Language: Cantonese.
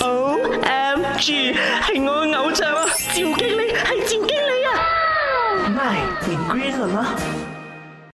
O M G，係我嘅偶像啊！趙經理，係趙經理啊！My green 啦。